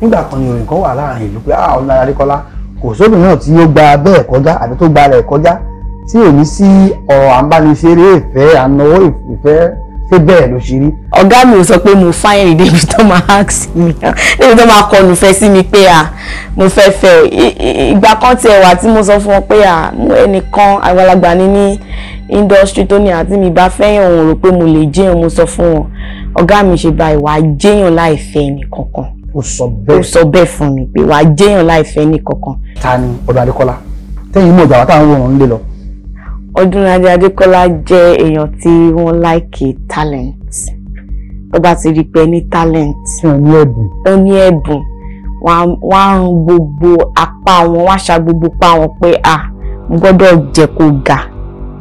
nígbà kan ni orin kan wà láàrin ìlú pé ah Ọlá Adékọlá kò sóbì náà tí ó gba bẹ́ẹ̀ kọjá àbí tó gba rẹ̀ kọjá tí ò ní sí ọ̀rọ̀ àǹbániṣeré ìfẹ́ ànáwó ìfẹ́ pé bẹ́ẹ̀ ló ṣe rí. ọ̀gá mi ò sọ pé mo fáyìn débi tó máa ask mi débi tó máa kọnu fẹ́ sí mi pé à mo fẹ́ fẹ́ ìgbà kan tiẹ̀ wà tí mo sọ fún ọ pé à mo ẹnìkan àgbàlagbà ni ní indọ́sítírì tó ní àti mi bá fẹ́yàn òun rò pé mo lè jẹun mo sọ fún ọ ọ̀gá mi ṣe bá ìwà jẹyàn láì ẹnì kankan ó sọ bẹ́ẹ̀ ó sọ bẹ́ẹ̀ fún mi pé wàá jẹ́yàn láìfẹ́ ní kankan. ta ni ọ̀dọ̀ adékọ́lá tẹ́yìn mọ̀ ìjàwá táwọn wọ̀n ń lé lọ. ọdúnladé adékọ́lá jẹ́ èèyàn tí wọ́n láìkè talent tó bá ti rí pé ní talent. tí wọ́n ní ẹ̀bùn. ó ní ẹ̀bùn wọ́n á rún gbogbo apá wọn wọ́n á ṣa gbogbo apá wọn pé à n gbọ́dọ̀ jẹ́ kó ga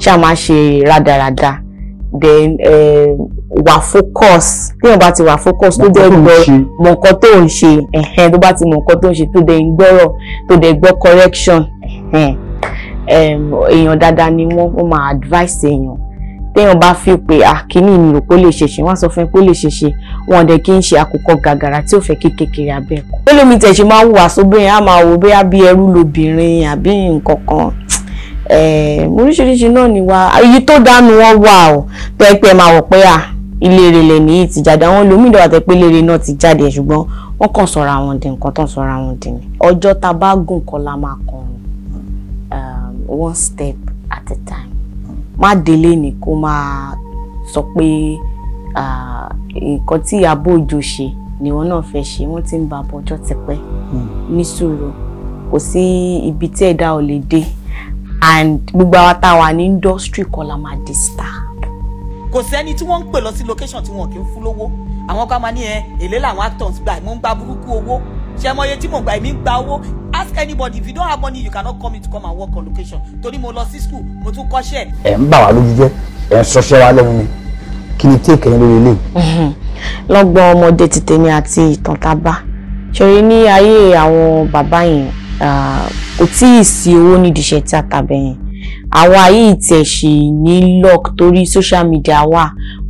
ṣáà má ṣe rádaràda then eh, wà focus téèyàn bá ti wà focus tó dẹ̀ gbọ́ mọ nǹkan tó ń ṣe ẹ̀hẹ́n tó bá ti mọ nǹkan tó ń ṣe tó dẹ̀ ń gbọ́rọ̀ tó dẹ̀ gbọ́ correction èèyàn dáadáa ni wọ́n wọ́n máa advice èèyàn téèyàn bá fi pé àkíní mi ò kó lè ṣe ṣe wọ́n sọ fún ẹ kó lè ṣe ṣe wọn dẹ̀ kí n ṣe àkókò gàgàrà tí ò fẹ́ kí kékeré abẹ́ kọ́. ó lómi tẹ̀ ṣe máa ń hùwà sóbìnrin á máa wò bóyá bí ẹrú lobìnrin àbí nǹkan kan oríṣiríṣi náà ni wà èyí tó dánu wọn wà ó pẹ́ẹ́pẹ́ máa wọ̀ pé à ìlérè lẹ́ni yìí ti jáde àwọn olómìnira wà tẹ́ pé lérè náà ti jáde ṣùgbọ́n wọ́n kàn sọ̀rọ̀ àwọn dì nǹkan tán sọ̀rọ̀ àwọn dì ní. ọjọ́ tá a kan la máa kàn um, one step at a time má délé ni kó máa sọ pé nǹkan tí Ìyábọ̀ Òjó ṣe ni wọn náà fẹ́ ṣe wọ́n ti ń ba bọ̀ ọjọ́ tipẹ́ hmm. ní sùúrù kò sí ibi tí ẹ̀dá ò lè dé and gbogbo àwọn táwa ní industry kan la máa di star kò sẹ́ni tí wọ́n ń pè lọ sí location tí wọ́n kì í fún lówó àwọn kan máa ní ẹ èlé làwọn actors gbà mo ń gba burúkú owó ṣe mọ iye tí mo gbà èmi ń gba owó ask anybody if you don't have money you cannot come in to come and work on location torí mo lọ sí school mo tún kọ́ṣẹ́. ẹ ń bà wá lójú jẹ ẹ ń ṣọṣẹ wa lẹ́nu mi, kí ni tí èkẹyìn lórí ilé. lọ́gbọ́n ọmọdé ti tèmi àti ìtàn tá a bá ṣòrí ní ayé àwọn bàbá yẹn kò tí ì sí owó nídìí iṣẹ́ tí a tàbẹ̀ àwa yìí tẹ̀ ṣì ní luck torí social media wa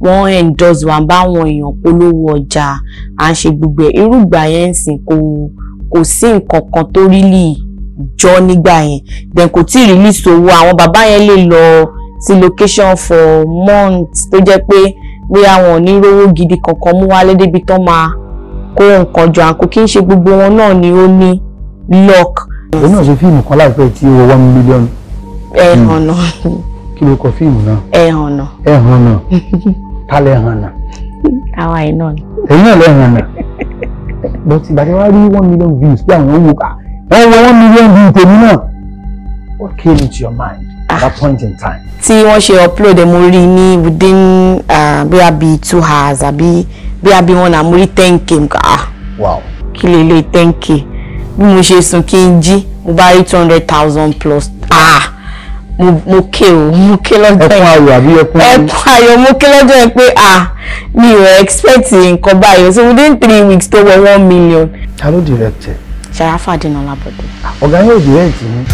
wọ́n endorse wa báwọn èèyàn polówó ọjà à ń ṣe gbogbo ẹ̀ irúgbà yẹn ń sìn kò kò sí nǹkan kan tó rí lì jọ nígbà yẹn then kò tí ì release owó àwọn bàbá yẹn lè lọ sí location for months tó jẹ́ pé pé àwọn ò ní rówó gidi kankan mú wálé débi tán máa kó nǹkan jọ àǹkó kí n ṣe gbogbo wọn náà ni ó ní luck. òun náà ṣe fíìmù kan láìpẹ́ tí ó one million ẹ̀hànà. kí ló kọ fíìmù náà. ẹ̀hànà. ẹ̀hànà ta lẹ hànà. àwa ẹ̀ náà ni. ẹ̀yin náà lẹ hànà. but ìgbà tí rí one million views bí àwọn wò ká wọ one million views tèmi náà. what came into your mind at that point in time. tí wọ́n ṣe upload mo rí ní within ah, bíi abi two hours àbí bíi abi one hour mo rí ten k mo ká. Ah, wow. kí lè lo ten k bí mo ṣe sùn kí n jí mo bá rí two hundred thousand plus. Ah mo ké o mo ké lọ́jọ́ yẹn ẹkún ayọ̀ àbí ẹkún ayọ̀ ẹkún ayọ̀ mo ké lọ́jọ́ yẹn pé ah mi ò expect nǹkan báyìí so within three weeks tó wọ one million. ta ló direct ẹ. Ṣàráfà Adénọlá Bọ̀dé. ọ̀gá yóò direct ni.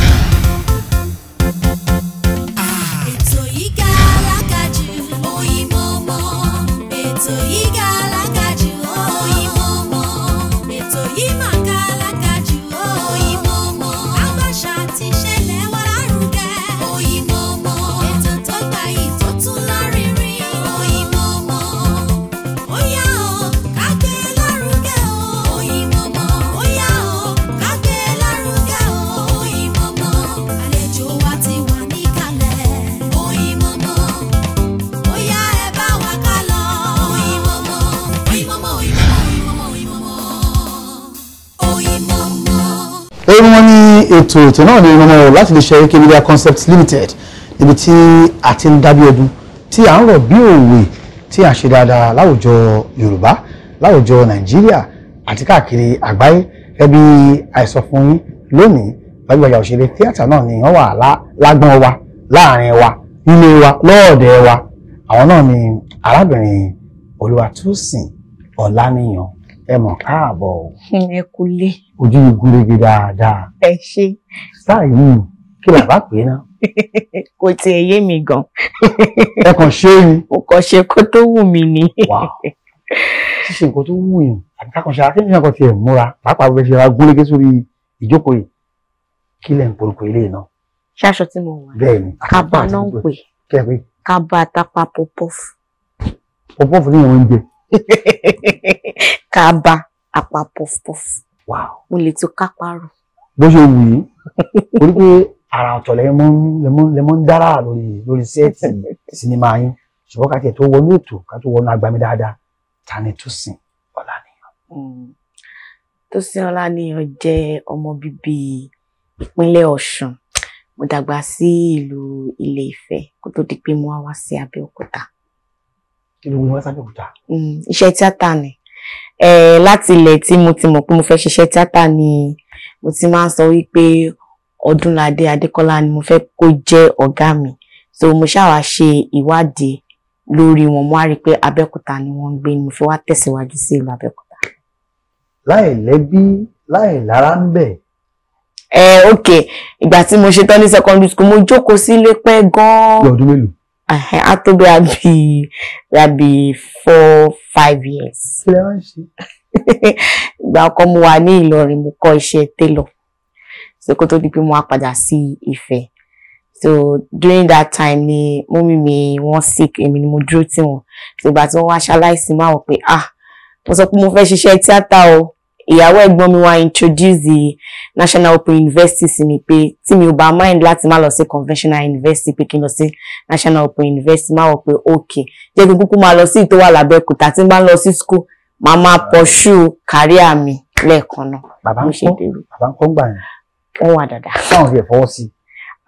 ètò ètò náà ní ìrànwọ́ rẹ̀ láti lè ṣe AK Media Concepts Limited níbi tí a ti ń dábí ọdún tí à ń rọ̀ bí òwe tí à ń ṣe dáadáa láwùjọ Yorùbá láwùjọ Nàìjíríà àti káàkiri àgbáyé ẹbí àìsàn fún yín lónìí gbajúgbajà òṣèré tíátà náà ni wọ́n wà lágbọ́n wa láàrin wa nílé wa lọ́ọ̀dẹ̀ wa àwọn náà ni arábìnrin Olúwatósìn Ọláníyàn ẹ mọ̀ káàbọ̀ ẹ kú lé ojú ìgúnrégé dáadáa. ẹ ṣe. sáà yìí kí là bá pè é ná. kò tiẹ̀ yé mi gan. ẹ kàn ṣe é ni. mo kàn ṣe kó tó wù mí ni. ṣíṣe nǹkan tó wù yàn àti kákanṣe akéwì náà kò tiẹ̀ múra pàápàá bẹ́ẹ̀ ṣe ra gúnrégé sórí ìjókòó yìí kí lẹ̀ ń porúkọ ilé náà. ṣáṣọ tí mo wà. bẹ́ẹ̀ni kaba náà ń pè. kẹ́ẹ̀pẹ́. kaba àtàpà pọpọ́fù. pọpọ́fù ní ìwọ̀n oúnjẹ. kaba àpà pọfupọfu mo lè ti kápárò. bó ṣe wù yí orí pé ara ọ̀tọ̀ lẹ́mọ́ ń dára lórí lórí sẹ́ẹ̀tì sinimá yín ṣùgbọ́n ká tiẹ̀ tó wọnú ètò ká tó wọnú agbami dáadáa ta ni Tósìn Ọláníyàn. Hmm. Tósìn Ọláníyàn jẹ́ ọmọ bíbí ìpínlẹ̀ Ọ̀ṣun mo dàgbà sí ìlú Ilé Ifẹ̀ kó tó di pé mo wá wá sí Abẹ́òkúta. ìlú wo ni wọ́n sábẹ́ òkúta. Hmm, iṣẹ́ tíátà ni eh, láti ilẹ̀ tí mo ti mọ̀ pé mo fẹ́ ṣiṣẹ́ tíátà ni mo ti máa ń sọ wípé Ọdúnládé Adékọ́lá ni mo fẹ́ kó jẹ́ ọ̀gá mi so mo ṣàwá ṣe ìwádìí lórí wọn mo wá rí i pé Abẹ́òkúta ni wọ́n ń gbé mo fi wá tẹ̀síwájú sí ìlú Abẹ́òkúta. láì lẹ́bí láì lára ń bẹ̀. ẹ ok ìgbà tí mo ṣetán ní secondary school mo jókòó sílé pẹ́ gan-an. ọdún mélòó á tó bí a be a bí four five years. ìgbà ọkọ mo wà ní Ìlọrin mo kọ́ iṣẹ́ tailor so kó tó di pé mo wá padà sí Ifẹ̀ so during that time ni mọ́mí mi wọ́n sick èmi ni mo dúró tì wọ́n so ìgbà tí wọ́n wá ṣaláìsí máa wọ̀ pé ah mo sọ pé mo fẹ́ ṣiṣẹ́ tíátà o ìyàwó ẹ̀gbọ́n mi wá introduce the national open university sí mi pé tí mi ò bá mind láti má lọ sí conventional university pé kí n lọ sí national open university má wọ pé ok jẹ́ kí n kúkú máa lọ sí ìtọ́wà lábẹ́kúta tí n bá ń lọ sí school màá máa pursue career mi lẹ́ẹ̀kan náà. bàbá ń kọ́ bàbá ń kọ́ gbà yẹn. wọ́n wà dáadáa. táwọn fi fọwọ́ sí i.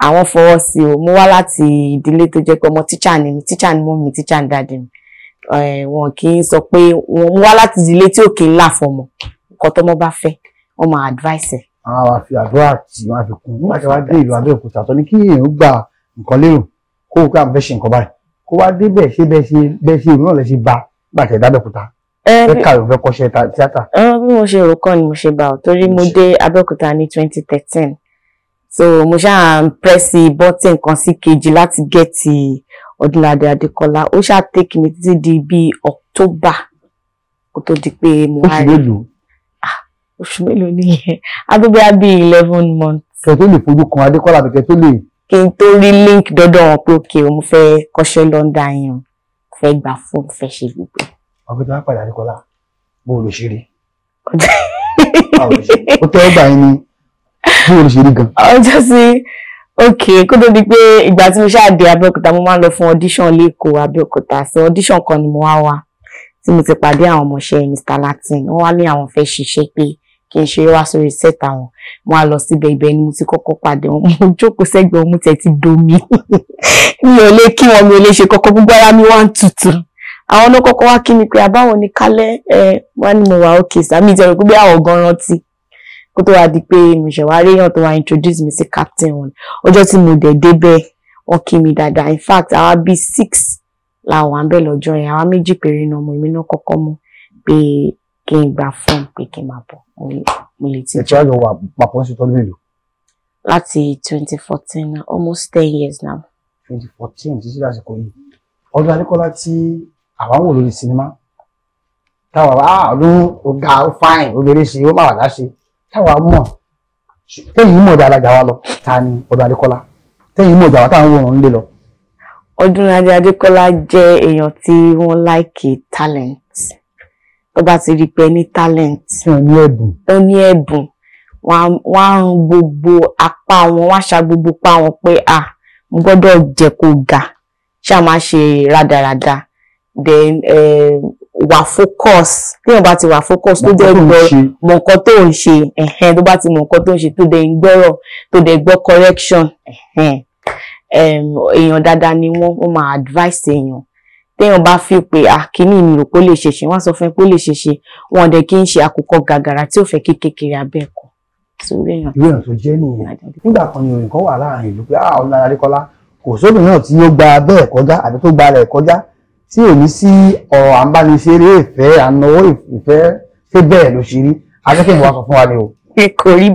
àwọn fọwọ́ sí i o mo wá láti ìdílé tó jẹ́ pé ọmọ tíṣà ni mi tíṣà ni mo mi tíṣà ni dáadé mi wọn kì í sọ pé wọn wá láti ìdílé tí òkè ńlá fọmọ nǹkan tọ́mọ bá fẹ́ wọ́n máa advice ẹ̀. àwọn àfi àdúrà tí wọ́n fi kún nígbà tí wọ́n dé ìlú Abẹ́òkúta tó ní kí èèyàn gba nǹkan lérò kó o ká àwọn fẹ́ ṣe nǹkan báyìí kó wá dé bẹ́ẹ̀ ṣe bẹ́ẹ̀ ṣe bẹ́ẹ̀ ṣe ìmúlẹ̀ ṣe ba nígbà tí ẹ̀dá Abẹ́òkúta fẹ́ kàwé fẹ́ kọ́ṣẹ́ tíátà. bí mo ṣe rò kàn ni mo ṣe bá ọ torí mo dé Abẹ́òkúta ní twenty thirteen so mo ṣáà ń pẹ́sì bọ́tì nǹkan sí kejì láti gẹ̀ẹ́tì Ọdúnládé Adékọlá ó ṣáà tẹ́kì mi títí di bíi October kó tó di pé mo wá rí. oṣù mélòó oṣù mélòó nìyẹn agbègbè àbí eleven months. kẹ tó lè fojú kan adékọ́lá kẹkẹ tó lè. kí n tó rí link dọ́dọ̀ wọn pé òkè òun fẹ́ kọ́ṣẹ́ lọ́ndà yẹn fẹ́ gbà fóònù fẹ́ ṣe gbogbo. ọbẹ̀ tí wọ́n pàdé adékọ́lá bó o lè ṣe rí. ó tẹ́ ọgbà yín ni bó o lè ṣe rí gan. ọjọ́ sí ok kó tó di pé ìgbà tí mo ṣáà dé abẹ́òkúta mo máa ń lọ fún audition lẹ́kọ̀ọ́ abẹ́òkúta so audition kan ni mo wá wá tí mo ti pàdé àwọn ọmọọṣẹ́ Mr Latin wọ́n wá ní àwọn fẹ́ ṣiṣẹ́ pé kí n ṣeré wá sórí set àwọn wọn á lọ síbẹ̀ ibẹ̀ ni mo ti kọ́kọ́ pàdé wọn mo jókòó sẹ́gbẹ̀ẹ́ wọn mo ti domi mi ò lè kí wọn mi ò lè ṣe kọ́kọ́ gbogbo ara mi wá ń tutù àwọn náà kọ́kọ́ wá kí mi pé àbáwọn ní kálẹ̀ ẹ wá ní mo wà òkè sàmì ìjẹun pé àwọn gan rántí kó tó wá di pé mo ṣẹ̀ wá réyàn tó wá introduce mi sí captain wọn ọjọ́ tí mo dẹ̀ débẹ̀ wọn kí mi dáadáa in fact àwa bíi six làwọn àbẹ̀ lọ́jọ́ yẹn àwa méjì péré náà mo èmi náà kọ́kọ́ mú pé kí n gbà fún pé kí n máa bọ̀ mo lè ti. ẹ̀kẹ́ àjọ wà papọ̀ sí tọ́dún mélòó. láti twenty fourteen almost ten years now. twenty fourteen títí lásìkò yìí ọdún adékọ́lá tí àwa ń wò lórí sinimá táwa wà á ló ọ̀gá fáìn obìnrin ṣe ó má wà láṣẹ táwa mọ̀ tẹ́yìn mọ̀ dáadáa jà wá lọ ta ni ọdún adékọ́lá tẹ́yìn mọ̀ jà wá táwọn wòran ń lé lọ. ọdún adékọ́lá jẹ́ èèyàn tí wọ́n láìkì talent tó bá ti rí pé ní talent. ó ní ẹ̀bùn. ó ní ẹ̀bùn wọ́n á rún gbogbo apá wọn wọ́n á ṣa gbogbo apá wọn pé à n gbọ́dọ̀ jẹ́ kó ga ṣáà máa ṣe rádaràda then eh, wà focus téèyàn bá ti wà focus tó dẹ̀ gbọ́ mọ nǹkan tó ń ṣe tó bá ti mọ nǹkan tó ń ṣe tó dẹ̀ ń tó dẹ̀ gbọ́ correction ẹ̀hẹ́n èèyàn dáadáa ni wọ́n wọ́n máa advice èèyàn téèyàn bá fi pé àkíní ah, mi rò pé lè ṣe ṣe wọ́n sọ fún ẹ pé lè ṣe ṣe wọn ọdẹ kí n ṣe àkókò gàgàrà tí ò fẹ́ kí kékeré abẹ́ ẹ̀kọ́ ìwé ọ̀tún jẹ́ nìyẹn nígbà kan ni òyìnbó wà láàrin ìlú pé a ah, ò lára Adékọ́lá kò sóbì náà tí ó gba abẹ́ ẹ̀ kọjá àbí tó gba rẹ̀ kọjá tí ò ní sí ọ̀rọ̀ àǹbániṣeré ìfẹ́ ànáwó ìfẹ́ ṣé bẹ́ẹ̀ ló ṣe rí akẹ́kẹ́ ìwà sọ fún wa ni o. kò rí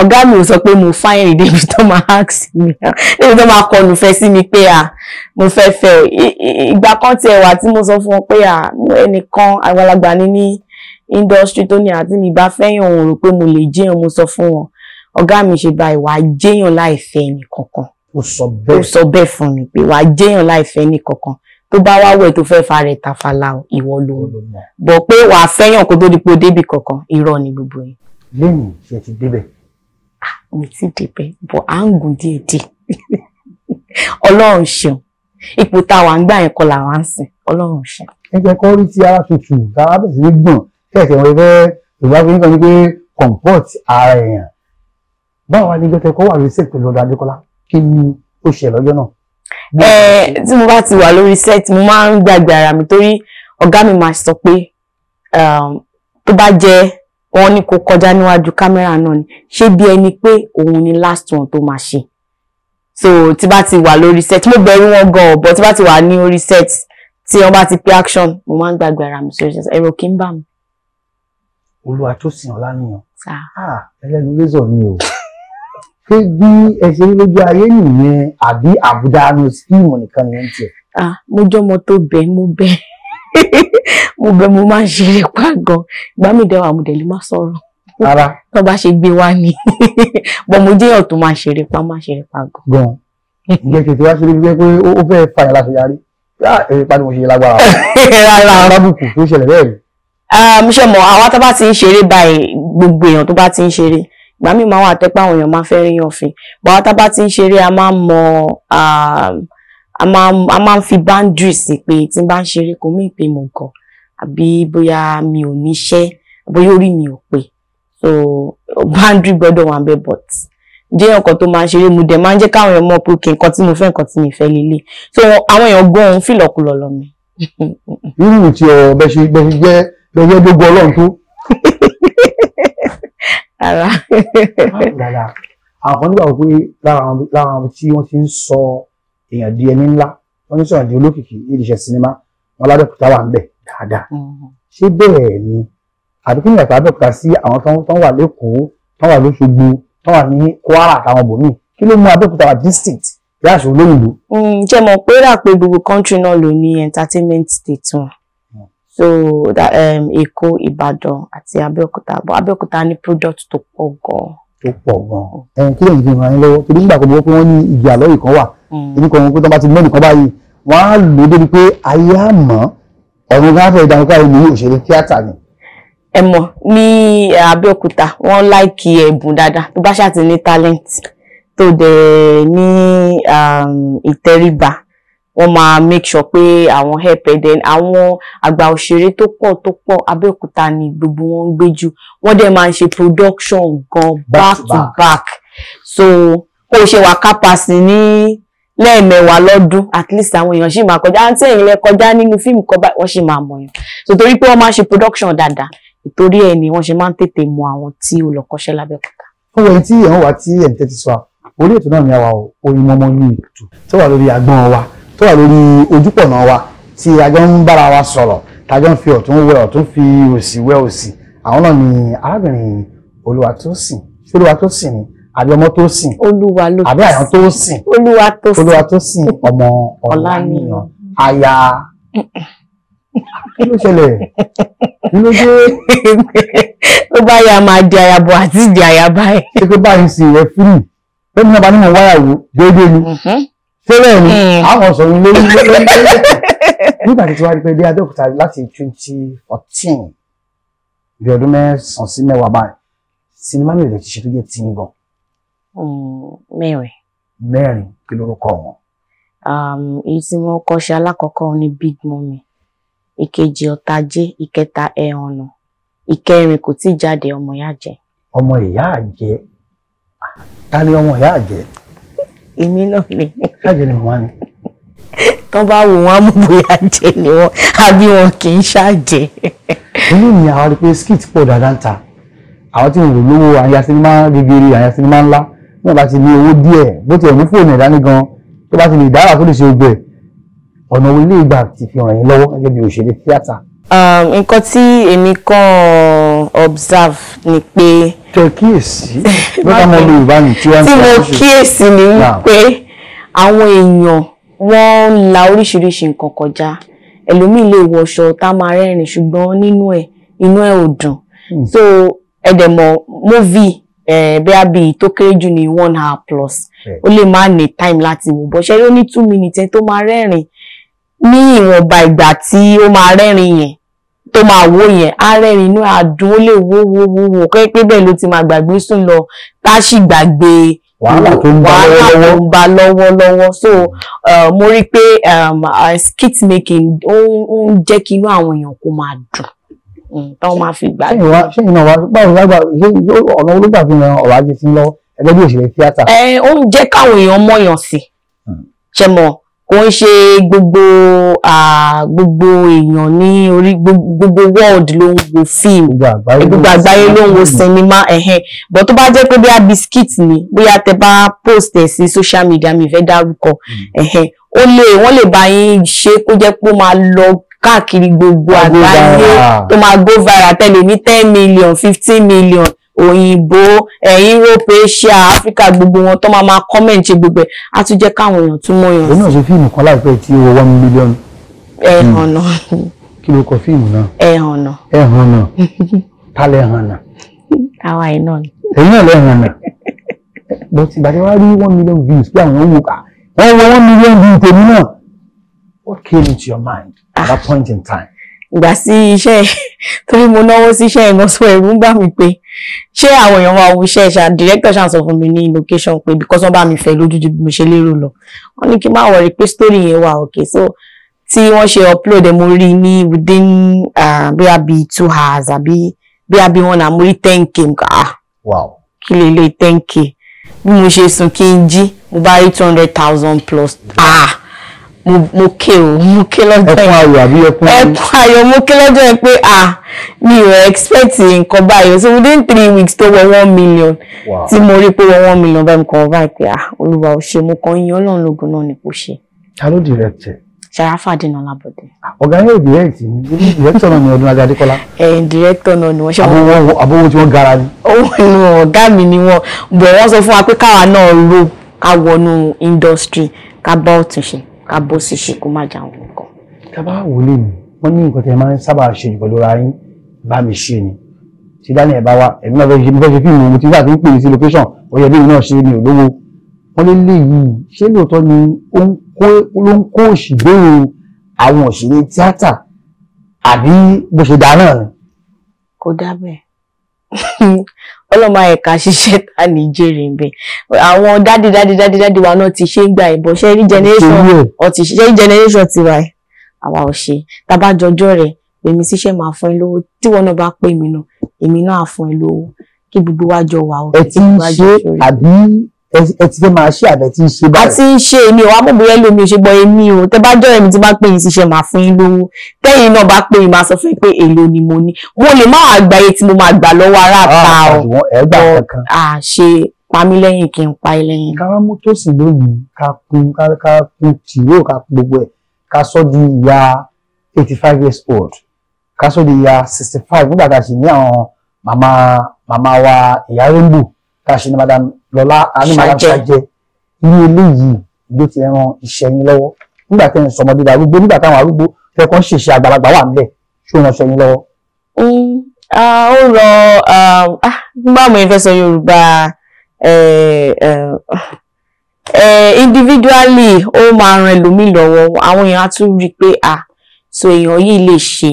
ọ̀gá mi ò sọ pé mo fáyẹ̀rì débi tó máa ask mi débi tó máa kọnu fẹ́ sí mi pé à mo fẹ́ fẹ́ ìgbà kan tiẹ̀ wà tí mo sọ fún ọ pé à ẹnìkan àgbàlagbà ni ní industry tó ní àti mi bá fẹ́yàn òun rò pé mo lè jẹun mo sọ fún wọn ọ̀gá mi ṣe ba ìwà jẹyàn láìfẹ́ ẹnìkankan ó sọ bẹ́ẹ̀ ó sọ bẹ́ẹ̀ fún mi pé wàá jẹyàn láìfẹ́ ẹnìkankan tó bá wá wẹ̀ tó fẹ́ẹ́ farẹ̀ tàfàlà ìwọ ló ń bọ̀ pé wàá fẹ́yàn kó tó di pé ó débì kankan irọ́ ni gbogbo yẹn. lẹ́yìn tí ẹ ti débẹ̀ mi ti débẹ̀ bọ̀ à ń gùn díẹ̀ díẹ̀ ọlọ́run ṣeun ipò tá a wà ń gbà yẹn kọ́ làwa ń sìn ọlọ́run ṣeun. ẹ jẹ́ kó rí ti ara tutù tára bẹ̀rẹ̀ sí ní gbọ̀n kẹ̀kẹ́ wọn fẹ́ yorùbá fi ń kọ́ ni pé comport ara èèyàn báwo wá ní gbẹ́tẹ̀ kó wà lórí set pẹ̀lú ọ̀dọ̀ adékọ́lá kí ni ó ṣe lọ́jọ́ náà. ẹ tí mo bá ti wà lórí set mo máa ń gbàgbé ara mi torí ọ̀gá mi máa sọ pé um, tó bá jẹ́ òun ni kò kọjá níwájú kámẹ́rà náà ni ṣé bí ẹni pé òun ni last one tó máa ṣe so tí bá ti wà lórí set mo bẹ̀rù wọn gan ọ̀bọ tí bá ti wà ní orí set tí wọn bá ti pe action mo máa ń gbàgbé ara mi sórí set ẹ̀rọ kí n bà mí. olúwa tó sìn ọlá nìyàn ẹlẹ́nu lẹ́sọ̀ ni o ṣé bí ẹ ṣe rí lójú ayé nìyẹn àbí àbúdá anú fíìmù nìkan nìyẹn tiẹ̀. mo jọmọ tó bẹ mo bẹ mo bẹ mo máa ń ṣeré pa gan ìgbà mi dẹwà mo dẹ̀ lè má sọ̀rọ̀ rárá tó bá ṣe gbé wá ni bọ́n mo jẹ́ ọ̀tún máa ṣeré pa máa ṣeré pa gan. gan jẹ́ kìtì wá síbi pé ó fẹ́ fa ìyàrá ṣe yarí èrè pa ni mo ṣe lágbára rárá arábùkù tó ṣẹlẹ̀ bẹ́ẹ̀ ni. ṣe mọ àwọn tó bá ti ń ṣeré báyìí gbogbo èèyàn tó bá ti ń ṣeré ìgbà míì máa wà tẹ́pẹ́ àwọn èèyàn máa fẹ́ ríyàn fín bọ́n àwọn tó bá ti ń ṣeré a máa mọ a máa a máa ń fi boundary sí pé tí n bá ń ṣeré kò mí pé mo nǹkan àbí bóyá mi ò níṣẹ́ bóyá orí mi ò pé so boundary gbọ́dọ̀ wà bẹ́ẹ̀ but jẹ́ ọkọ̀ tó máa ń ṣeré mu dẹ̀ máa ń jẹ́ káwọn èèyàn mọ̀ pé kí nǹkan tí mo fẹ́ nǹkan tí mi fẹ́ lélẹ̀ so àwọn èèyàn gbọ́ ohun fìlọ̀kulọ̀ lọ mi. irú ti ọ bẹ ṣe bẹ ṣe jẹ bẹ jẹ gbogbo Ọlọ́run tó. àwọn nígbà wo pé lára àwọn tí wọ́n ti ń sọ èèyàn di ẹni ńlá wọ́n ní sọ̀rọ̀ di olókìkí iléeṣẹ́ sinimá wọn lábẹ́òkúta wà ń bẹ̀ dáadáa mhmm. ṣé bẹ́ẹ̀ ni àbí kí nìyàtọ̀ abẹ́òkúta sí àwọn tó ń wà lẹ́kọ̀ọ́ tó ń wà lóṣogbo tó ń wà ní Kwara àtàwọn bòmíì kí ló mú abẹ́òkúta wà district yáàṣù olóyìnbó. jẹ́ mọ̀ pé ràpé gbogbo country náà ló ní entertainment state wọn hmm. so that um, Èkó Ìbàdàn àti Abẹ́òkúta but Abẹ́òkúta ní product tó pọ̀ gan-an. tó pọ̀ gan-an kí lóyún fi ràn yín lọ́wọ́ torí nígbà kan mo wọ́n pé wọ́n ní ìgbà lọ́yìn kan wà ibi kan wọn pé tó bá ti mẹ́rin kan báyìí wọ́n á lò débi pé ayé àmọ́ ọ̀run kan fẹ́ẹ́ dàrú káyọ̀ ní òṣèré tíátà ni. ẹ mọ̀ ní Abẹ́òkúta wọ́n láìkì ẹ̀bùn dáadáa tó bá ṣáà ní talent tó dẹ̀ ní um, ìtẹríba wọ́n máa make sure pé àwọn help ẹ̀ then àwọn àgbà òṣèré tó pọ̀ tó pọ̀ Abẹ́òkúta ni gbogbo wọn ń gbé jù wọ́n dẹ̀ máa ń ṣe production gan back to back so kó o ṣe wà kápásì ní lẹ́ẹ̀mẹwàá lọ́dún at least àwọn èèyàn sì máa kọjá àǹtí ẹ̀yìn lẹ kọjá nínú fíìmù kọba wọ́n sì máa mọ̀ yẹn so torí pé wọ́n máa ṣe production dáadáa ìtorí ẹ̀ ni wọ́n ṣe máa ń tètè mọ àwọn tí olùkọ́ṣẹ́ lábẹ́kúta. fún ẹni tí ẹ̀hún wa tí ẹ̀ǹ tẹ́tí sọ orí ètò náà ni àwa oyin mọ́mọ́ ní ètò tó wà lórí agbọ́n wa tó wà lórí ojúpọ̀nà wa tí a jọ ń bára wa sọ̀rọ̀ tá a jọ ń fi ọ̀tún wẹ ọ̀tún fi òsì wẹ òsì àwọn náà ni arábìnrin Olúwatósìn Olúwatósìn ni àbí ọmọ tó sìn olúwa ló àbí àyàn tó sìn olúwa tó sìn olúwa tó sìn ọmọ ọláníyàn aya kí ló ṣẹlẹ̀ kí ló dé. ó bá yà máa di àyàbọ̀ àti ìdí àyàbá ẹ̀. ṣé pé báyìí sì rẹ fúrì bẹ́ẹ̀ ni wọ́n bá nínú wáyà wò déédéé ni tẹ́lẹ̀ mm-hmm. ni mm. àwọn sọ̀rọ̀ lórí lórí nígbà tí wàá di pé dé Abẹ́òkúta láti twenty fourteen bí ọdún mẹ́sàn-án sí mẹ́wàá báyìí sinimá mi ò lè ti ṣe tó jẹ́ tìǹbọ̀n mẹ́rin. mẹ́rin kí lorúkọ wọn. Um, èyí tí wọ́n kọ́ ṣe alákọ̀ọ́kọ́ ní big mummy ìkejì ọ̀tajé ìkẹta ẹ̀hónà ìkẹrin kò tí jáde ọmọ ìyá jẹ. ọmọ ìyá jẹ ta ni ọmọ ìyá jẹ. èmi náà ni. ṣáàjẹ ni wọn ni. tó bá wò wọn mú bóyá jẹ ni wọn àbí wọn kì í ṣáàjẹ. inú mi àwọn rí pé skit pọ̀ dáadáa ń ta àwọn tí mo rò lówó àyà sinimá gegere àyà sinimá ńlá náà bá ti ní owó díẹ̀ bó ti ẹ̀mí fóònù ẹ̀dá ní gan tó bá ti lè dára tó lè ṣe gbẹ̀ ọ̀nà wo ilé ìgbà ti fi hàn yín lọ́wọ́ gẹ́gẹ́ bí òṣèré tíátà. Um, nǹkan tí èmi kàn observe ni pé. tẹ kíyèsí lọ́dọ̀ ọmọ Yorùbá ni tí wọ́n ń sọ ọ́ sí. tí mo kíyèsí ni wípé àwọn èèyàn wọ́n ń la oríṣiríṣi nǹkan kọjá ẹlòmíì lè wọṣọ tá a máa rẹ́rìn ṣùgbọ́n nínú ẹ̀ inú ẹ̀ ò dùn hmm. so ẹ̀dẹ̀mọ̀ movie Eh, bẹ́ẹ̀ bí tó kéré jù ní one hour plus ó lè má ní time láti wò bọ́ ṣe ló ní two minutes yẹn tó máa rẹ́rìn ní ìwọ̀nba ìgbà tí ó máa rẹ́rìn yẹn tó máa wo yẹn á rẹ́rìn inú àdùn ó lè wó wó wó wó kọ́ pé bẹ́ẹ̀ ló ti máa gbàgbé sùn lọ tá a sì gbàgbé wàhálà tó ń ba lọ́wọ́lọ́wọ́ so eh, mo rí i pé um, eh, skit making ó ń jẹ́ kí inú àwọn èèyàn kó máa Mm, tán máa fi gbà. ṣé ìyẹn wá báwo wá gbà ọ̀nà olóògbà fi ràn ọ̀rọ̀ ajé sí lọ ẹgbẹ́ bí òṣèré tíátà. ẹ ó ń jẹ́ káwọn èèyàn mọ̀yàn sí hmm. ṣe mọ̀ kò ń ṣe gbogbo gbogbo èèyàn ní orí gbogbo world ló ń wo fíìmù gbogbo àgbáyé ló ń wo sinimá ẹ̀hẹ́n but tó bá jẹ́ pé bóyá biscuit ni bóyá tẹ bá post ẹ̀ sí social media mi fẹ́ dárúkọ hmm. ẹ̀hẹ́n ó lè wọ́n lè bá yín ṣe kó jẹ́ pé ó máa lọ káàkiri gbogbo àgbáyé tó máa go viral tẹ́lẹ̀ ní ten million fifteen million òyìnbó eh, Europe Asia Africa gbogbo wọn tó máa máa comment ṣe gbogbo ẹ̀ á tún jẹ́ káwọn èèyàn tún mọ̀ yàn. òun náà ṣe fíìmù kan láìpẹ́ tí ó wọ one million. ẹ hàn náà. kí ló kọ fíìmù náà. ẹ hàn náà. ẹ hàn náà. ta lẹ hàn náà. àwa ẹ̀ náà ni. ẹ̀yin náà lẹ hàn náà. bó ti bàtẹ́ wá rí one million views pé àwọn ò wò ká wọ́n wọ one million views tèmi náà. what came into your mind? at ah. that point in time. ìgbà sí iṣẹ́ torí mo náwó sí iṣẹ́ ìgbọ̀n sọ ẹ̀rù ń bà mí pé ṣé àwọn èèyàn máa wo iṣẹ́ ṣá director ṣá sọ fún mi ní location pé because wọ́n bá mi fẹ́ lójú ju bí mo ṣe lérò lọ wọ́n ní kí n má wọrí pé story yẹn wà okay so tí wọ́n ṣe upload ẹ̀ mo rí ní within bí a bí two hours àbí bí a bí wọn náà mo rí ten k ah kí lè lè ten k bí mo ṣe sùn kí n jí mo bá rí two hundred thousand plus ah mo ké o mo ké lọ́jọ́ yẹn ẹkún ayọ̀ àbí ẹkún ayọ̀ ẹkún ayọ̀ mo ké lọ́jọ́ yẹn pé ah mi ò expect nǹkan báyìí so within three weeks tó wọ one million tí mo rí pé wọ one million báyìí nǹkan báyìí pé ah olúwa ò ṣe mo kàn yín ọlọ́run lógun náà ni kò ṣe. ta ló direct ẹ. Ṣàráfà Adéna Ọlábọ̀dé. ọ̀gá yóò direct ní director náà ni ọdún ajá Adékọ́lá. ẹ director náà ni wọ́n ṣe. àbówó tí wọ́n gara ni. òun ọ̀gá mi ni wọ́n bọ̀ wọ́n sọ fún wa pé káwa náà ro àwọnú industry ká bá ọ̀tún ṣe abo sì ṣe kó má jàun nǹkan. tábà wò lè mí wọn ní nǹkan tẹ máa ń sábà ṣe pẹ̀lú ara yín bá mi ṣe ni ṣe dání ẹ̀ bá wa ẹ̀mí náà fẹ́ẹ́ fẹ́ẹ́ fi mú mo ti gbà tó ń pè é sí location ọ̀yẹ́ bí mi náà ṣe mi ò wọn lé léyìí ṣé lóòótọ́ ni ló ń kó òṣì àwọn òṣèré tíátà àbí bó ṣe dáa náà. kò dá bẹ́ẹ̀ ọlọ́mọ ẹ̀ka ṣiṣẹ́ ta ní jèrè ń bẹ̀ àwọn dádì dádì dádì dádì wa náà ti ṣe ń gbà ìbọn ṣe rí generation ọtí ṣe rí generation tiwa ẹ̀ àwa ò ṣe tabajọjọ rẹ̀ pèmí síṣẹ́ máa fún ẹ lówó tí wọn náà bá pè mí náà èmi náà á fún ẹ lówó kí gbogbo wa jọ wà ó. ẹ ti ń ṣe àbí ẹ ti fẹ́ máa ṣe àbẹ̀ tí ń ṣe báyìí. àti ṣe èmi ò wá mọ̀ bóyá lómi ò ṣe gbọ́ èmi o tẹ bá jọ èmi tí bá pè yín ṣiṣẹ́ máa fún yín lówó tẹ́yìn náà bá pè yín máa sọ fún yín pé èlò ni mo ní mo lè má wàá gba iye tí mo máa gbà lọ́wọ́ ará àta ah, o ọ ṣe pa mí lẹ́yìn kí n pa ẹ lẹ́yìn. ká wá mú tòsí lónìí ká kun ká kun tìró ká gbogbo ẹ ká sọ di ìyá eighty five years old ká sọ di ìyá sixty five nígbà tá a sì ní àwọn màmá màmá wa ìyá rainbow káṣí ni madam lọ́lá àánú madam ṣàjẹ irú eléyìí ló ti ran iṣẹ́ yín lọ́wọ́ nígbà tẹ́ ń sọmọdé darúgbó nígbà táwọn arúgbó fẹ́ kàn ṣèṣe àgbàlagbà wà nílẹ̀ ṣó ń ránṣẹ́ yín lọ́wọ́. Mm, ó rọ nígbà mo fẹ́ sọ Yorùbá individually ó máa ran ẹlòmíì lọ́wọ́ àwọn èèyàn á tún rí i pé ah so èèyàn yìí lè ṣe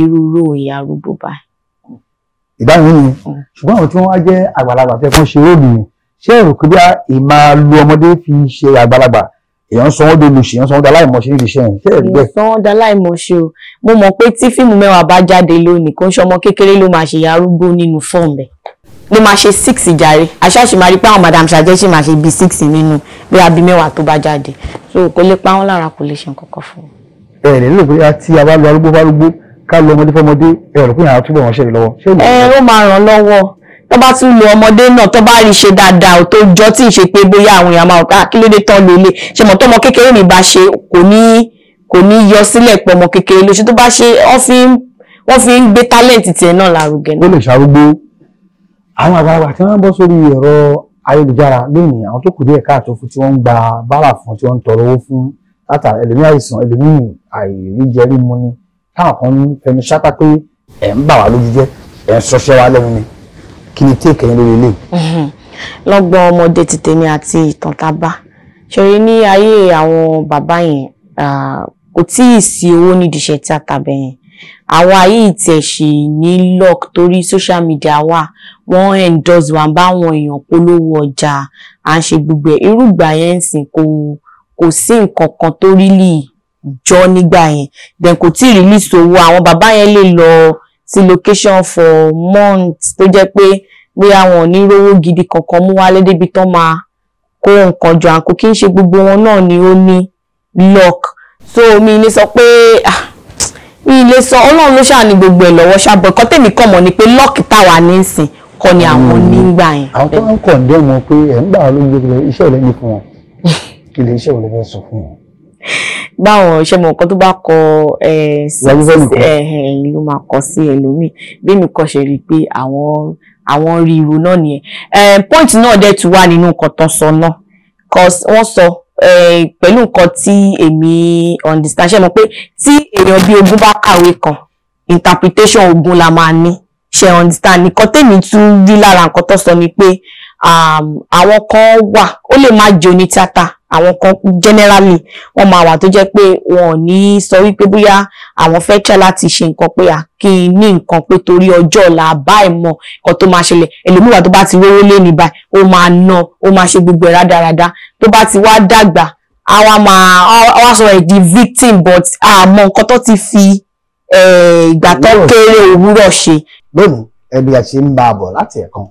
irú ró ìyá arúgbó báyìí ìdáhùn yìí ṣùgbọ́n àwọn tí wọ́n wá jẹ́ àgbàlagbà fẹ́ kán ṣe róòlù yẹn ṣé èrò pé bí i máa lo ọmọdé fi ṣe àgbàlagbà èèyàn sanwó dé lùsì èèyàn sanwó dá láìmọ̀ṣe níbi iṣẹ́ yẹn tẹ́lẹ̀ bẹ́ẹ̀. sanwó dá láìmọ̀ṣe o mo mọ̀ pé tí fíìmù mẹ́wàá bá jáde lónìí kò ń ṣọmọ kékeré ló máa ṣe arúgbó nínú fọ́ọ̀mù rẹ̀ ló máa ṣe six jàre aṣáṣì máa rí pé àwọn madam ṣàjẹ́ ṣì máa ṣe bíi six nínú bí abí mẹ́wàá tó bá jáde so kò lè pa wọ́n lára kò lè ṣe nǹkan kan fún un. ẹ ẹ lè lò pé tí a bá lo arúgbó fárúgbó ká lo ọmọdé fọmọdé ẹ̀rọ pé àwọn túbọ̀ wọn ṣe lọ́wọ́. ẹ ó máa ràn lọ́wọ́ tó bá tún lo ọmọdé náà tó bá rí ṣe dáadáa ò tó jọ tí ì ṣe pé bóyá àwọn èèyàn máa ká ah, kí ló dé tán lólè ṣe mọ̀ tọ́mọ kékeré mi bá ṣe kò ní kò ní yọ sílẹ̀ pọ̀ ọmọ kékeré lóṣù tó bá ṣe wọ́n fi ń gbé tálẹ̀ǹtì tiẹ̀ náà lárugẹ. ó lè ṣàrúgbó àwọn àgbàlagbà tí wọ́n bọ́ sórí ẹ̀rọ ayélujára lónìí àwọn tó kù díẹ̀ káàtó fún tí wọ́n ń gba bára fún tí wọ́n ń tọrọ owó fún látà ẹlòmíì àìsàn ẹlòmíì àìríjẹrí mu táwọn kan ń fẹnu ṣáká pé ẹ̀ ń bà wá lójú jẹ́ ẹ̀ ń sọṣẹ́ wa lẹ́nu ni kí ni téèkì yín lórí ilé. lọ́gbọ́n ọmọdé ti tèmi àti ìtàn tá a bá ṣòro ní ayé àwọn bàbá yẹn kò tí ì sí owó nídìí iṣẹ́ tí a tàbẹ̀ yẹn àwọn ayé ìtẹ̀sí ní lock torí social media wà wọ́n endorse wa báwọn èèyàn polówó ọjà à ń ṣe gbogbo ẹ̀ irúgbà yẹn ń sìn kò sí nǹkan kan tó rí jọ nígbà yẹn then kò tí ì release owó àwọn bàbá yẹn lè lọ sí location for months tó jẹ́ pé bóyá wọn ò ní rówó gidi kankan mú wálé débi tán máa kó nǹkan jọ àǹkó kí n ṣe gbogbo wọn náà ni ó ní luck so mi ní sọ pé ah mi lè sọ ọlọ́run ló ṣáà ní gbogbo ẹ̀ lọ́wọ́ ṣàbọ̀ ẹ̀kọ́ tèmi kàn mọ̀ ni pé lọ́ọ̀kì táwa ní í kọ́ ni àwọn nígbà yẹn. àwọn tó ń kọ̀ dé wọn pé ẹ̀ ń gbà lójú iṣẹ́ ìlẹ́yìn fún wọn kí ilé iṣẹ́ ìlẹ́yìn sọ fún wọn báwọn ìṣẹ́mọ̀ nǹkan tó bá kọ ló máa kọ sí ẹlòmíì bí mi kọ́ ṣe rí i pé àwọn àwọn rí irú náà nìyẹn point náà dẹ̀ tún wà nínú nǹkan tán sọ náà wọ́n sọ pẹ̀lú nǹkan tí èmi understand ṣe mọ̀ pé tí èèyàn bíi ogún bá kàwé kan interpretation ogún la máa ní ṣe understand nǹkan tèmi tún rí lára nǹkan tó sọ ni pé um, àwọn kan wà ó lè má jẹ́ oní tíátà àwọn kan generally wọ́n máa wà tó jẹ́ pé wọn ò ní sọ wípé bóyá àwọn fẹ́ try láti ṣe nǹkan pé à kí n ní nǹkan pé torí ọjọ́ ọ̀la báyìí mọ nǹkan tó máa ṣẹlẹ̀ ẹlòmíwà tó bá ti rówó lé ní báyìí ó máa ná ó máa ṣe gbogbo ẹ̀ rádaràda tó bá ti wá dàgbà àwa máa àwa sọ ẹ̀ di victim but àmọ́ nǹkan tó ti fi ìgbà tó kéré òwúrọ̀ ṣe. lónìí ẹbí àti ń bá a bọ̀ láti ẹ̀kan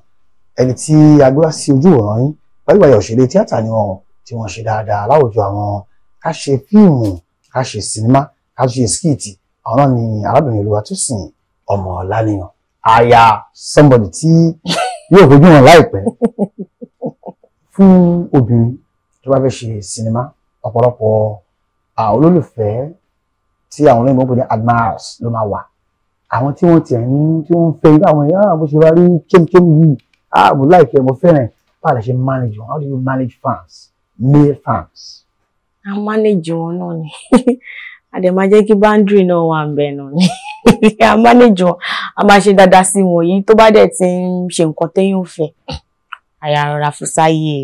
ẹni tí agbára sí ojú ọ̀ràn yín pẹ̀lú ẹ̀yà òṣèré tíátà ni wọ́n tí wọ́n ṣe dáadáa láwùjọ àwọn ká ṣe fíìmù ká ṣe sinimá ká ṣe skiti àwọn náà ni arábìnrin Olúwatósìn ọmọ Ọláníyan aya somebody tí yóò fojú hàn láìpẹ́ fún obìnrin tó bá fẹ́ ṣe sinimá ọ̀pọ̀lọpọ̀ olólùfẹ́ tí àwọn olóyìnbó ń pè ní admirers ló máa wà àwọn tí wọ́n tiẹ̀ ń tí wọ́n ń fẹ́ irú àwọn èèyàn àwọn ah, bó ṣe wá rí kémkémù yìí ah mo láìpẹ́ mo fẹ́ràn báyìí ṣe manage wọn how do you manage fans male fans, a manage wọn náà ni a dẹ̀ máa jẹ́ kí boundary náà wà ń bẹ̀ náà ni a manage wọn a máa ṣe dáadáa sí wọn yìí tó bá dẹ̀ ti ń ṣe nǹkan téèyàn fẹ́ àyà rọra fún sáyé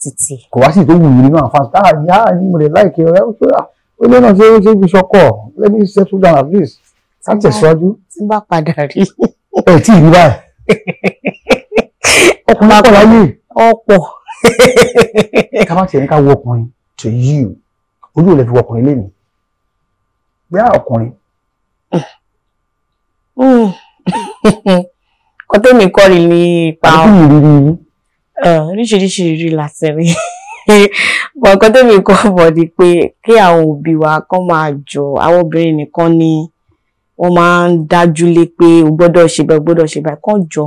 títì. kò wá sí tó wù yìí nínú àǹfààní tá a ah, yá ni mo lè láìkè ọ̀rẹ́ ah, ó lé náà ṣe é ṣe é fi ṣọkọ let me settle down at least ká tẹ̀síwájú. tí n bá padà rí. ẹ tí ì rí báyìí ọkùnrin pọ̀ ká má tiẹ̀ ní ká wọ ọkùnrin to you ojú ò lè fi wọ ọkùnrin lẹ́nu bí a ọkùnrin. Hmm. kọ́tẹ́mì kọ́rin ní ipa eh, oríṣiríṣi ìrírí láti rí bọ̀ọ̀kan tẹ́mi kọ́ bọ̀ di pé kí àwọn òbí wa kán máa jọ àwọn obìnrin nìkan ni wọ́n máa ń dájú lé pé o gbọ́dọ̀ ṣe bẹ́ẹ̀ o gbọ́dọ̀ ṣe bẹ́ẹ̀ kán jọ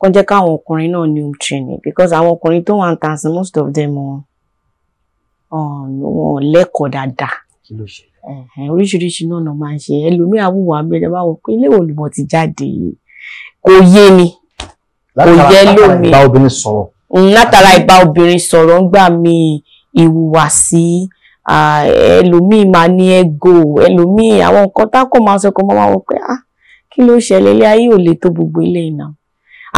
kó jẹ́ káwọn ọkùnrin náà ní home because àwọn ọkùnrin tó wà ń tàn sí most of them wọn lẹ́kọ̀ọ́ dáadáa oríṣiríṣi náà náà máa ń ṣe ẹlòmíì àwùwọ abẹ́rẹ́ bá wọ pé ilé olùmọ ti jáde kò yé mi kò yé lómi látara ìbá obìnrin sọ̀rọ̀ ń gbà mí ìhùwàsí ẹlòmíì máa ní ẹgò ẹlòmíì àwọn nǹkan tá kò máa sọ kó máa wọ pé ah kí ló ṣẹlẹ̀ ilé ayé ò lè tó gbogbo ilé ìnáwó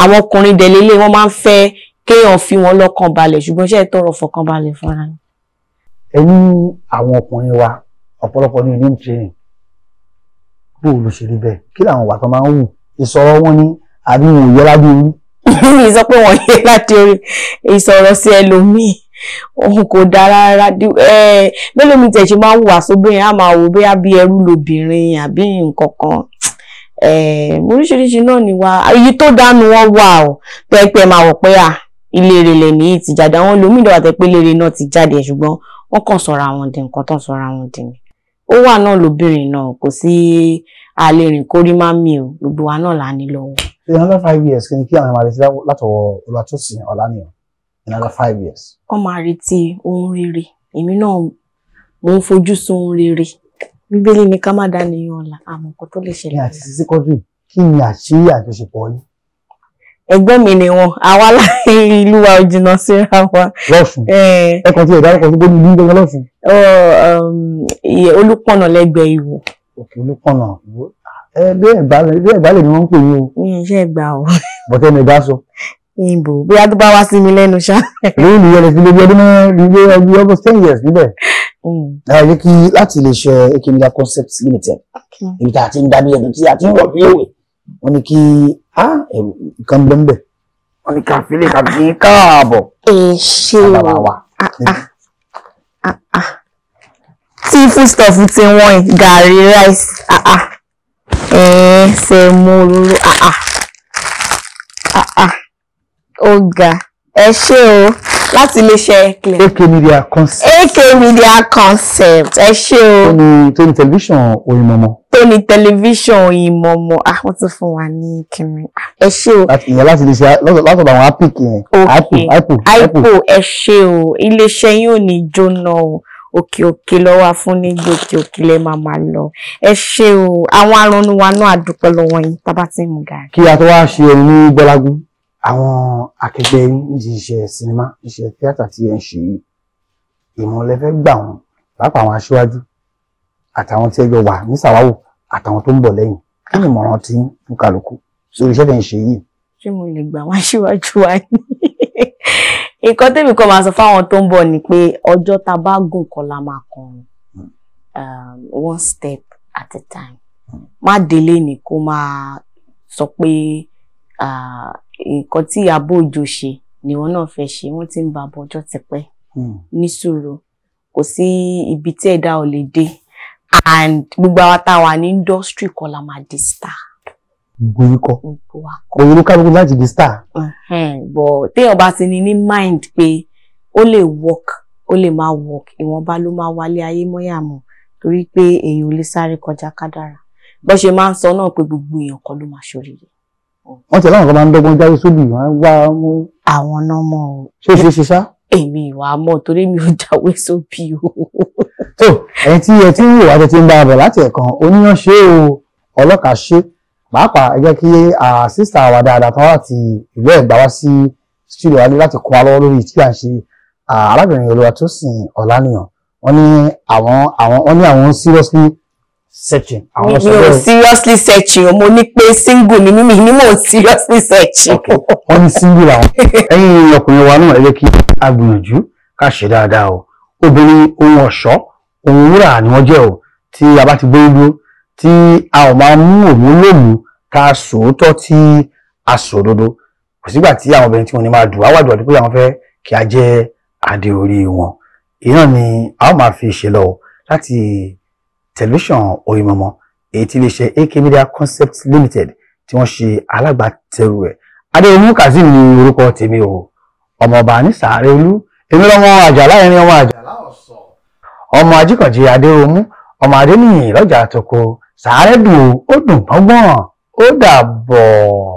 àwọn ọkùnrin dẹ̀lélé wọ́n máa ń fẹ́ kéèyàn fi wọn lọ́kàn balẹ̀ ṣùgbọ́n ṣe é tọrọ fọkàn balẹ̀ fúnra ni. ẹ ní àwọn ọkùnrin wa ọ̀pọ̀lọpọ̀ ní ilé training bó o lọ ṣe rí bẹ́ẹ̀ kí làwọn wà tó máa ń wù ìsọ̀rọ̀ wọn ní àbí wọn ò yẹ lábẹ́ orí. mi sọ pé wọn yẹ láti orí ìsọ̀rọ̀ sí ẹlòmíì òun kò dára rárá mélòó mi tẹ̀ ṣe máa ń wà sóbìnrin á máa wò bóyá bí ẹrú lobìnrin àbí nǹkan kan Eh, oríṣiríṣi náà ni wà èyí tó dánu wọn wà ó pẹpẹ máa wọ pé à ìlérè lẹ ní ti jáde àwọn lómi ìdọ̀wà tẹ pé lérè náà ti jáde ṣùgbọ́n wọ́n kàn sọra wọn di nǹkan tán sọra wọn di ni ó wà náà lóbìnrin náà kò sí àlèrìn kórí má mi o gbogbo wa náà là ní lọ́wọ́. in another five years kí ni kí àwọn àrètí látọwọ́ Olúwatósìn Ọláníyàn in another five years. wọ́n máa retí ohun rere èmi náà mo ń fojú sun ohun rere bíbélì ni ká má dánìyàn ọ̀la àmọ́ nǹkan tó lè ṣẹlẹ̀. ní àti sí secondary kí ni àṣírí àjọṣepọ̀ yín. ẹgbẹ́ mi ni wọn àwa láì ìlú wa ò jìnnà síra wa. lọ́sùn ẹ̀kan tí ẹ̀dá ọkọ̀ tó gbóni ní gbẹ̀ngàn lọ́sùn. Um, olùpọ̀nà lẹ́gbẹ̀ẹ́ ìwò. òkè olùpọ̀nà ìwò bẹ́ẹ̀ bá lè ní wọ́n ń pè yín o. mi ì ṣe gbà o. bọ̀tẹ́ mi sọ ìbò bóyá tó bá wá sí mi lẹ́nu ṣá. lórí ìlú ẹlẹ́sìn lórí ọdún mẹ́rin lórí ọdún almost ten years níbẹ̀. Mm. ẹ kí láti lè ṣe ekimila concept limited ibi tá a ti ń dá ní ẹ̀dùn tí a ti ń rọ̀ bí òwe wọ́n ní kí nǹkan bẹ́ẹ̀ bẹ́ẹ̀ wọ́n ní ká fi lè ká fi káàbọ̀. ẹ ṣe o ah, ah, ah, tí foodstuff ti wọ́n gàrí rice sẹ́mu olóró. Oga, ẹ ṣé o láti iléeṣẹ́ clear AK Media Concept AK Media Concept ẹ ṣé o tóní tóní tẹlifíṣàn Oyinmọmọ tóní tẹlifíṣàn Oyinmọmọ ah wọ́n ti fún wa ní kíni ẹ ṣé o láti ìyẹn láti iléeṣẹ́ látọ̀dọ̀ àwọn apic yẹn aipo Ipo. ẹ ṣé o iléeṣẹ́ yín ò ní jóná o òkè òkè lọ́wọ́ afúnnígbò òkè òkè lẹ́ máa máa lọ ẹ ṣé o àwọn aranú wa náà àdúpẹ́ lọ́wọ́ yín tá a bá ti mú gàrí. kí a tó wá ṣe ẹni ní gbọ́lágún àwọn akẹgbẹ́ níbi iṣẹ́ sinimá iṣẹ́ tíátà tí ẹ ń ṣe yìí ìmọ̀lẹ́ fẹ́ gbà wọn lápá àwọn aṣíwájú àtàwọn tí ẹ jọ wà ní sàwáwò àtàwọn tó ń bọ̀ lẹ́yìn kí ni ìmọ̀ràn tí ń kálukú sórí iṣẹ́ tẹ̀ ń ṣe yìí. ṣé mo lè gbà wọn aṣíwájú wa ni nǹkan tẹ́mi kan máa sọ fáwọn tó ń bọ̀ ni pé ọjọ́ tá a bá gùn kan la máa kàn um, one step at a time má délé ni kó máa sọ pé. Uh, nǹkan tí Ìyábọ̀ Òjó ṣe ni wọn náà fẹ́ ṣe wọ́n ti ń bá bọ̀ ọjọ́ tipẹ́ hmm. ní sùúrù kò sí ibi tí ẹ̀dá ò lè dé and gbogbo àwa tá a wà ní industry kan la máa di star. gboyúkọ gboyúkọ kálukú láti di star. bọ̀ téèyàn bá ti ní ní mind pé ó lè work ó lè máa work ìwọ̀nba ló máa wálé ayé mọ́yàmọ́ torí pé èèyàn ò lè sáré kọjá kádàrá bó ṣe máa ń sọ náà pé gbogbo èèyàn kan ló máa ṣoríire wọ́n tẹ̀lé àwọn kan máa ń dọ́gbọ́n jáwé sóbì wọ́n wá mú. àwọn náà mọ o. ṣé o ṣe ṣe sá. èmi ìwà mọ torí mi ò jáwé sóbì o. tó ẹ̀yin tí ẹ ti ń wò wá tẹ ti ń bá a bọ̀ láti ẹ̀kan oníyàn ṣe o ọlọ́kà ṣe pàápàá ẹ jẹ́ kí sísà wa dáadáa kan láti ìlú ẹ̀gbá wá sí studio wálé láti kó wa lọ́wọ́ lórí tí a ń ṣe arábìnrin olúwa tó sìn ọ̀lànìyàn wọ́n ní àwọn àwọn wọ́n ní àwọn seriously searching. Àwọn Mi ò seriously searching o, mo ní pé single ni mímí ni mo seriously searching. Wọ́n ní single àwọn. Ẹ̀yin ọkùnrin wa náà ẹ jẹ́ kí a gbìyànjú ká ṣe dáadáa o. Obìnrin ohun ọ̀ṣọ́, ohun wúrà ni wọ́n jẹ́ o. Tí a bá ti gbóyún dúró, tí a ò máa mú òun lòmù ká sòótọ́ tí a sòdodo. Kò sígbà tí àwọn obìnrin tí wọ́n ní máa dùn, àwàdùn àdúgbò àwọn fẹ́ kí a jẹ́ adé orí wọn. Ìyẹn ni a ó máa fi ṣe lọ láti tẹlifíṣàn Oyinmomo èyí tí iléeṣẹ́ AK Media Concepts Limited tí wọ́n ṣe alágbàtẹrù ẹ̀ adéyẹmú kazeem ni orúkọ tèmi o ọmọọba ní sàárẹ̀ olú èmi lọ́mọ àjàlá ẹni ọmọ àjàlá ọ̀sọ̀ ọmọ ajíkànjẹ adéromú ọmọ adéníyìn lọ́jà àtòkò sàárẹ̀ dùn ó dùn gbọ́ngbọ́n ó dàbọ̀.